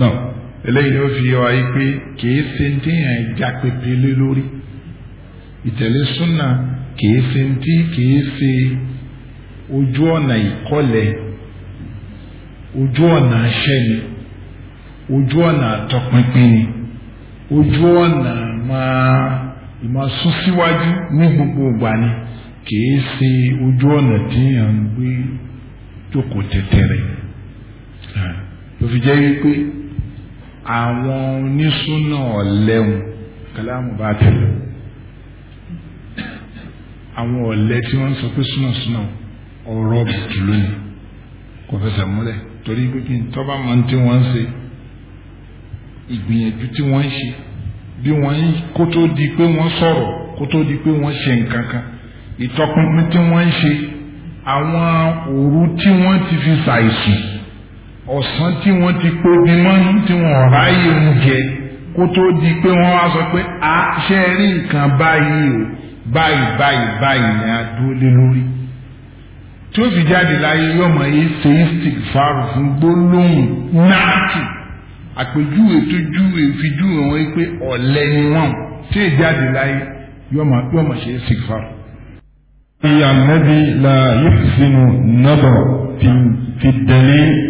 náà eléyìí ló fi wá yí pé kìí ṣe ń téèyàn já pépé lé lórí ìtẹ̀lé súnà kìí ṣe ń tí kìí ṣe ojú ọ̀nà ìkọlẹ̀ ojú ọ̀nà aṣẹ́ ni ojú ọ̀nà àtọpinpin ni ojú ọ̀nà máa ìmọ̀ síwájú ní gbogbo ìgbà ni kìí ṣe ojú ọ̀nà ń fi jẹ́ wípé. àwọn onísúnà ọ̀lẹ́hun kàlámù bá tẹ̀lé àwọn ọ̀lẹ́ tí wọ́n ń sọ pé súnà súnà ọ̀rọ̀ bùtù lónìí kò fẹsẹ̀ múlẹ̀ torí pípín tọ́ba mọ́ tí wọ́n ń ṣe ìgbìyànjú tí wọ́n ń ṣe bí wọ́n ń kó tó di pé wọ́n sọ̀rọ̀ kó tó di pé wọ́n ṣe nǹkan kan ìtọpinpin tí wọ́n ń ṣe àwọn òru tí wọ́n ti fi ṣàìsùn ọ̀sán tí wọ́n ti pé bí mọ́nú tí wọ́n ráyè ń jẹ kó tó di pé wọ́n wá sọ pé a ṣe rí nǹkan báyìí o báyìí báyìí báyìí ni a dúró lé lórí tí ó fi jáde láyé yọmọ yìí theistic fáàrù fún gbólóhùn náàtì àpèjúwe tó júwe fi júwe wọn pé ọ̀lẹ ni wọ́n tí è jáde láyé yọmọ yọmọ ṣe istic fáàrù. ìyá nẹ́bí la yóò sínú nọ́bọ̀ fi dẹ̀lé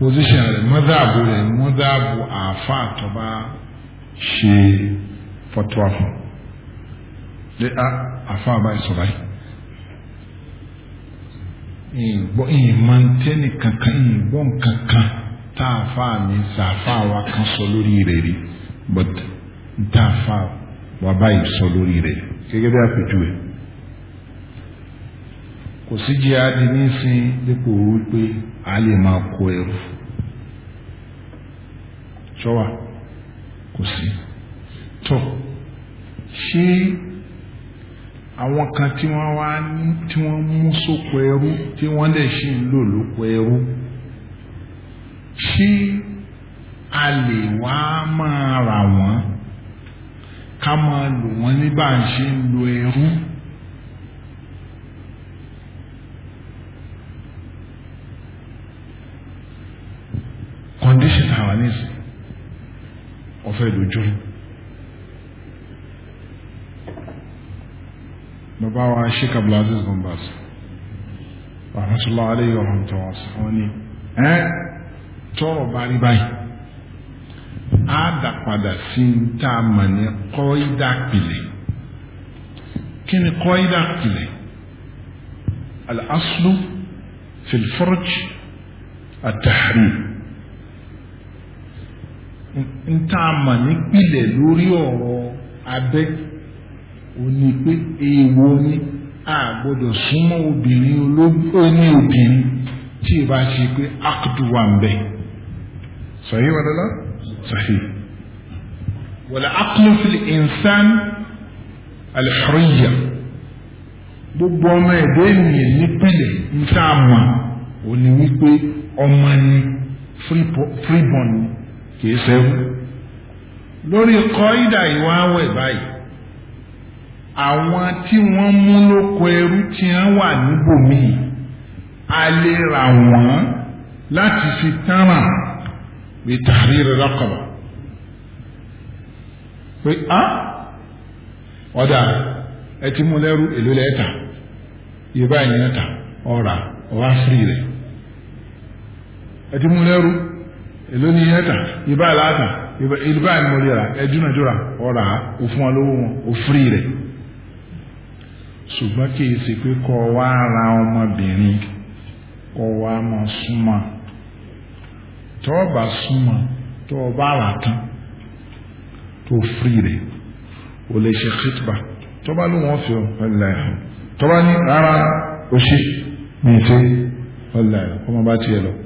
position rẹ̀ mọ́dàbù rẹ̀ mọ́dàbù àáfà tó bá ṣe fọ́tọ́wà fún lé àáfà báyìí sọ báyìí ìgbọ́ ìmọ̀ntẹ́nì kankan ìgbọ́n kankan tá àáfà mi sàáfà wa kan sọ lórí rẹ̀ rí but tá àáfà wa báyìí sọ lórí rẹ̀ gẹ́gẹ́ bí kò sí jihadi nísìn dípò wípé a lè máa kó ẹrù ṣọ́wà kò sí tọ́ ṣé àwọn kan tí wọ́n wá ní tí wọ́n mú sóko ẹrú tí wọ́n dẹ̀ ṣì ń lò lóko ẹrú ṣé a lè wá máa rà wọ́n ká máa lò wọ́n ní ń ṣe ń lo ẹrú. فعلوا جرم نباوا الشيك عبد العزيز بن باز رحمة الله عليه ورحمة الله عليه ها تورو باري باي هذا قد سنتا مني قويدا كبلي كن قويدا كبلي الأصل في الفرج التحريم ń tá a mà nípìlẹ̀ lórí ọ̀rọ̀ abẹ́ òní pé èèwọ̀ ni a gbọ́dọ̀ súnmọ́ obìnrin oní obìnrin tí ì bá ṣe pé akudu wà ń bẹ̀. sọ̀yí wà lọ́lá sọ̀yí. wala aqlu fil insan gbogbo ọmọ ẹ̀dọ́ ènìyàn nípìlẹ̀ ń tá òní wípé ọmọ ni freeborn ni kì í sẹ́wù lórí kọ́ ìdà ìwà awẹ̀ báyìí àwọn tí wọ́n mú lóko ẹrú tí wọ́n wà níbòmíì a lè rà wọ́n láti fi tánràn bí tàrí rẹ̀ lọ́kọ̀ọ̀ pé á ọ̀dà ẹ ti mú lẹ́rú èlò lẹ́ẹ̀ta ìbá ìyẹn ta ọ̀rà ọ̀wá rẹ̀ ẹ ti mú lẹ́rú èló ni yẹn tà ibà láàtà ibà ni mo lè rà ẹ dúnàdúrà ọ̀rà òfun olówó wọn òfurì rẹ̀ ṣùgbọ́n kì í ṣe pé kọ́ wá ra ọmọbìnrin kọ́ wá máa súnmọ́ tọ́ ọ bá súnmọ́ tọ́ ọ bá rà tán tó firi rẹ̀ o lè ṣe khitba tọ́ ló wọ́n fi ọ ẹ̀ tọ́ ní rárá o ṣe mi ṣe ọ̀là ẹ̀ ọmọ bá tiẹ̀ lọ.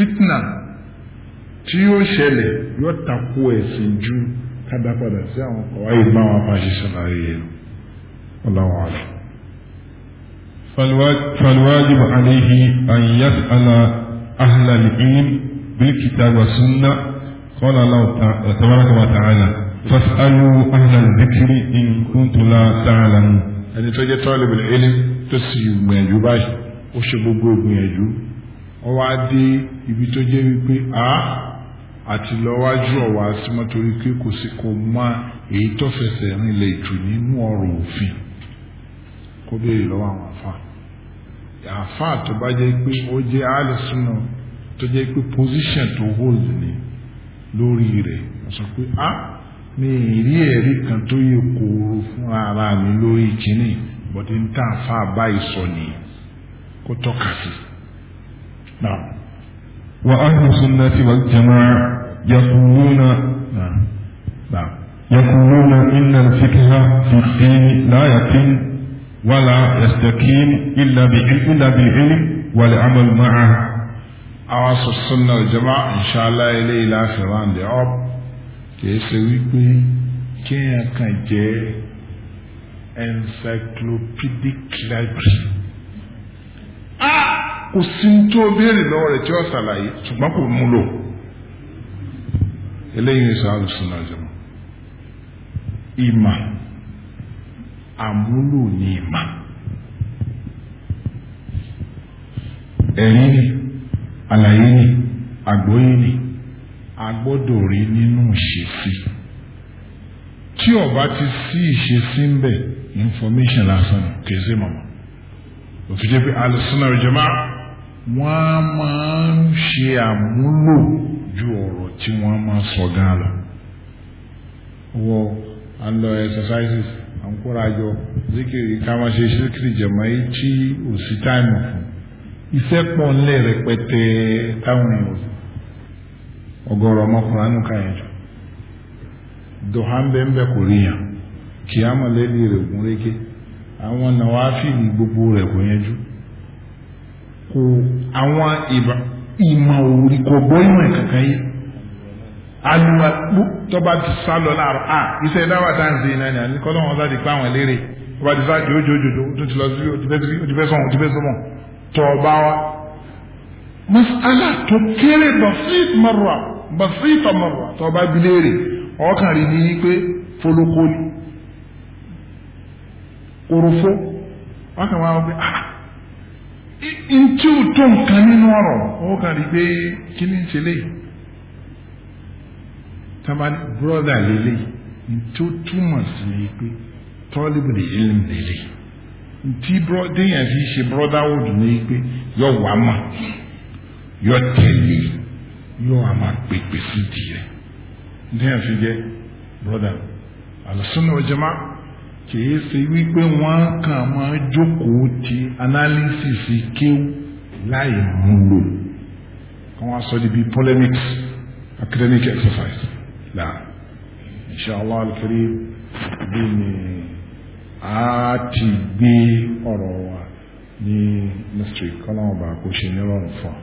fitna tí yóò ṣẹlẹ̀ yóò tako ẹ̀sìn ju kádà padà sí àwọn kọ̀wá yìí bá wọn bá ṣe ṣàlàyé yẹn ọlọ́wọ́ àlọ́. فالواجب عليه أن يسأل أهل العلم بالكتاب والسنة قال الله تبارك وتعالى فاسألوا أهل الذكر إن كنتم لا تعلمون. ẹni tó jẹ́ tọ́lẹ̀ bìlẹ̀ ẹni tó sì gbìyànjú báyìí ó ṣe gbogbo gbìyànjú ọwọ́ adé ibi tó jẹ́ wípé a àti lọ́wájú ọ̀wọ́ àtìmọ́ torí pé kò sí kò mọ èyí tó fẹsẹ̀ rinlẹ̀ jù nínú ọ̀rọ̀ òfin kó béèrè lọ́wọ́ àwọn tó bá jẹ́ pé ó jẹ́ àlùsùnà tó jẹ́ pé position tó hold ni lórí rẹ̀ sọ pé a mi rí ẹ̀rí kan tó yẹ ara mi lórí bọ́dé ń báyìí sọ نعم وأهل السنة والجماعة يقولون نعم نعم يقولون إن الفكرة في الدين لا يقين ولا يستقيم إلا بعلم إلا بالعلم والعمل معه Awas السنة والجماعة إن شاء الله láti round it up kìí ṣe wípé kéèyàn kan jẹ́ encyclopedic library. Ah! kò sí tó béèrè lọ́wọ́ rẹ̀ tí o ṣàlàyé ṣùgbọ́n kò mú lò eléyìí ní sàálù súnà ìmà àmúlò ní ìmà ẹ̀rí ni àlàyé ni àgbóyé ni a gbọ́dọ̀ rí nínú ìṣesí tí ọba ti sí ìṣesí ń information lásán kì í sí mọ̀mọ́ òfin jẹ́ pé alùsùnà ìjọba. wọ́n á máa ń ṣe àmúlò ju ọ̀rọ̀ tí wọ́n máa sọ gan lọ. wọ à lọ exercises zikiri ká zikiri jẹ̀mọ́ yìí tí ò sí táìmù fún iṣẹ́ pọ̀ ńlẹ̀ rẹpẹtẹ táwọn èèyàn ọgọrọ ọmọkùnrin àánú jù ń ń kò ríyàn á lẹ́lẹ́ rẹ̀ gúnrégé kò àwọn ìmọ̀ òwúrí kò gbọ́ ìmọ̀ kankan yìí aluwa tọba ti sá lọ a iṣẹ́ dáwà tá à ń ṣe iná ni àní wọn láti pa àwọn eléré tọba ti sá jòjòjòjò tó ti lọ sí òtìfẹ́ sọ̀hún òtìfẹ́ sọ̀hún tọba wa. masala tó kéré basit marwa basit marwa tọba bi ọkàn rí ni folokoli korofo pé ah, ntí ò tó nǹkan nínú ọ̀rọ̀ ó rí pé kí ni broda lélẹ̀ ntí ó túmọ̀ sí ni pé tọ́líbù lè yẹlẹ̀ mi ntí fi ṣe broda wood ni yọ wà má yọ tẹ̀lé yọ àmà pèpè sí tirẹ̀ déyàn fi broda alùsùn kìí ṣe wípé wọ́n kàn máa jókòó ti analysis kéwù láì mú lò kí wọ́n sọ níbi polemics academic exercise là inshallah al-karim bí ni a ti gbé ọ̀rọ̀ wa ní ministry kọ́lọ́mọba kò ṣe nírọ̀rùn fún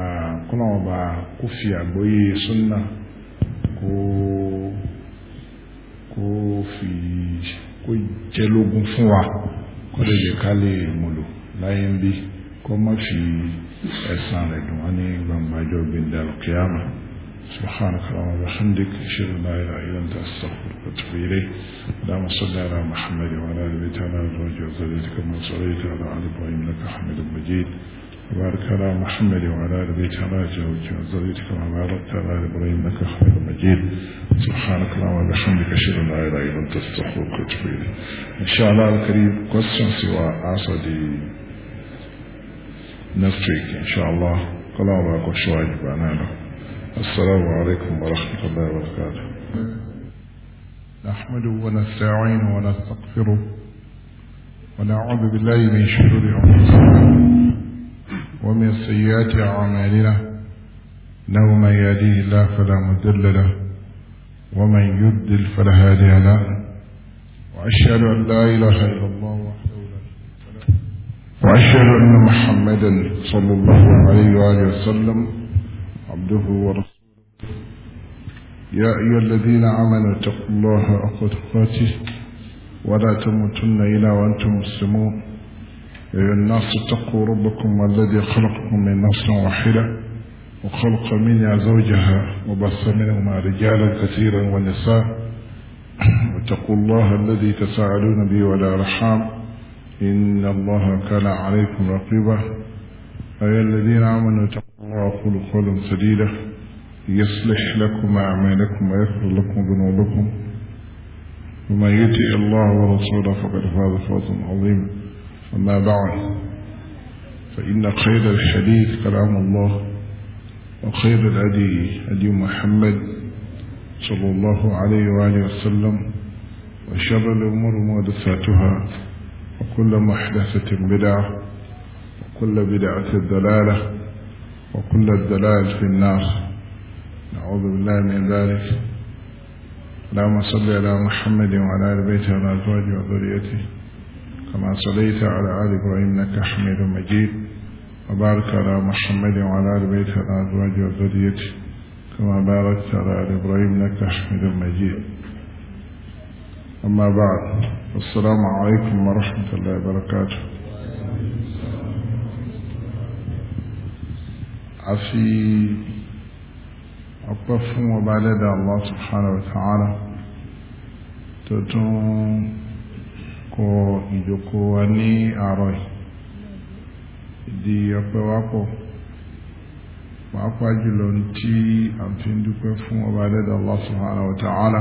ah, kọ́lọ́mọba kò fi àgbóyè sunna kó kó fi kó jẹ́ lógún fún wa kó lè yẹ ká lè múlò láyé ń bí kó má fi ẹ̀san rẹ̀ dùn wá ní gbangba ọjọ́ gbẹ̀ndẹ̀ alùkìyàmà سبحانك اللهم وبحمدك اشهد ان لا اله الا انت استغفرك واتوب اليك اللهم صل على محمد وعلى ال بيت على ازواجه وذريته كما صليت على ال ابراهيم انك حميد مجيد وبارك على محمد وعلى ال بيته على زوجك وذريتك وعلى باركت على ابراهيم انك حميد مجيد سبحانك اللهم وبحمدك اشهد ان لا اله الا انت استغفرك واتوب اليك ان شاء الله الكريم questions you are next week ان شاء الله كلام معكم شوي بعنانا السلام عليكم ورحمه الله وبركاته نحمده ونستعين ونستغفره ونعوذ بالله من شرور انفسنا ومن سيئات أعمالنا إنه من يهديه الله فلا مدل له ومن يدل فلا هادي له وأشهد أن لا إله إلا الله وحده لا شريك له وأشهد أن محمدا صلى الله عليه وآله وسلم عبده ورسوله يا أيها الذين آمنوا اتقوا الله حق تقاته ولا تموتن إلا وأنتم مسلمون يا أيها الناس اتقوا ربكم الذي خلقكم من نفس واحدة وخلق منها زوجها وبث منهما رجالا كثيرا ونساء واتقوا الله الذي تساءلون به والأرحام إن الله كان عليكم رقيبا أيها الذين آمنوا اتقوا الله وقولوا قولا سديدا يصلح لكم أعمالكم ويغفر لكم ذنوبكم ومن يطع الله ورسوله فقد فاز فوزا عظيما أما بعد فإن خير الحديث كلام الله وخير الأدي أدي محمد صلى الله عليه وآله وسلم وشر الأمور محدثاتها وكل محدثة بدعة وكل بدعة الدلالة وكل الدلال في النار نعوذ بالله من ذلك اللهم صل على محمد وعلى آل بيته وعلى أزواجه وذريته كما صليت على آل إبراهيم إنك حميد مجيد وبارك على محمد وعلى آل بيت الأزواج والذرية كما باركت على آل إبراهيم إنك حميد مجيد أما بعد السلام عليكم ورحمة الله وبركاته àfi ọpẹ́ fún ọba lẹ́dà Allah subhanahu wa àkókò ìjòkó wa ní àárọ̀ yìí ìdí ọpẹ́ wa pọ̀ pàápàá jùlọ tí a fi ń dúpẹ́ fún ọba dẹ́dà Allah subhanahu wa ta'ala.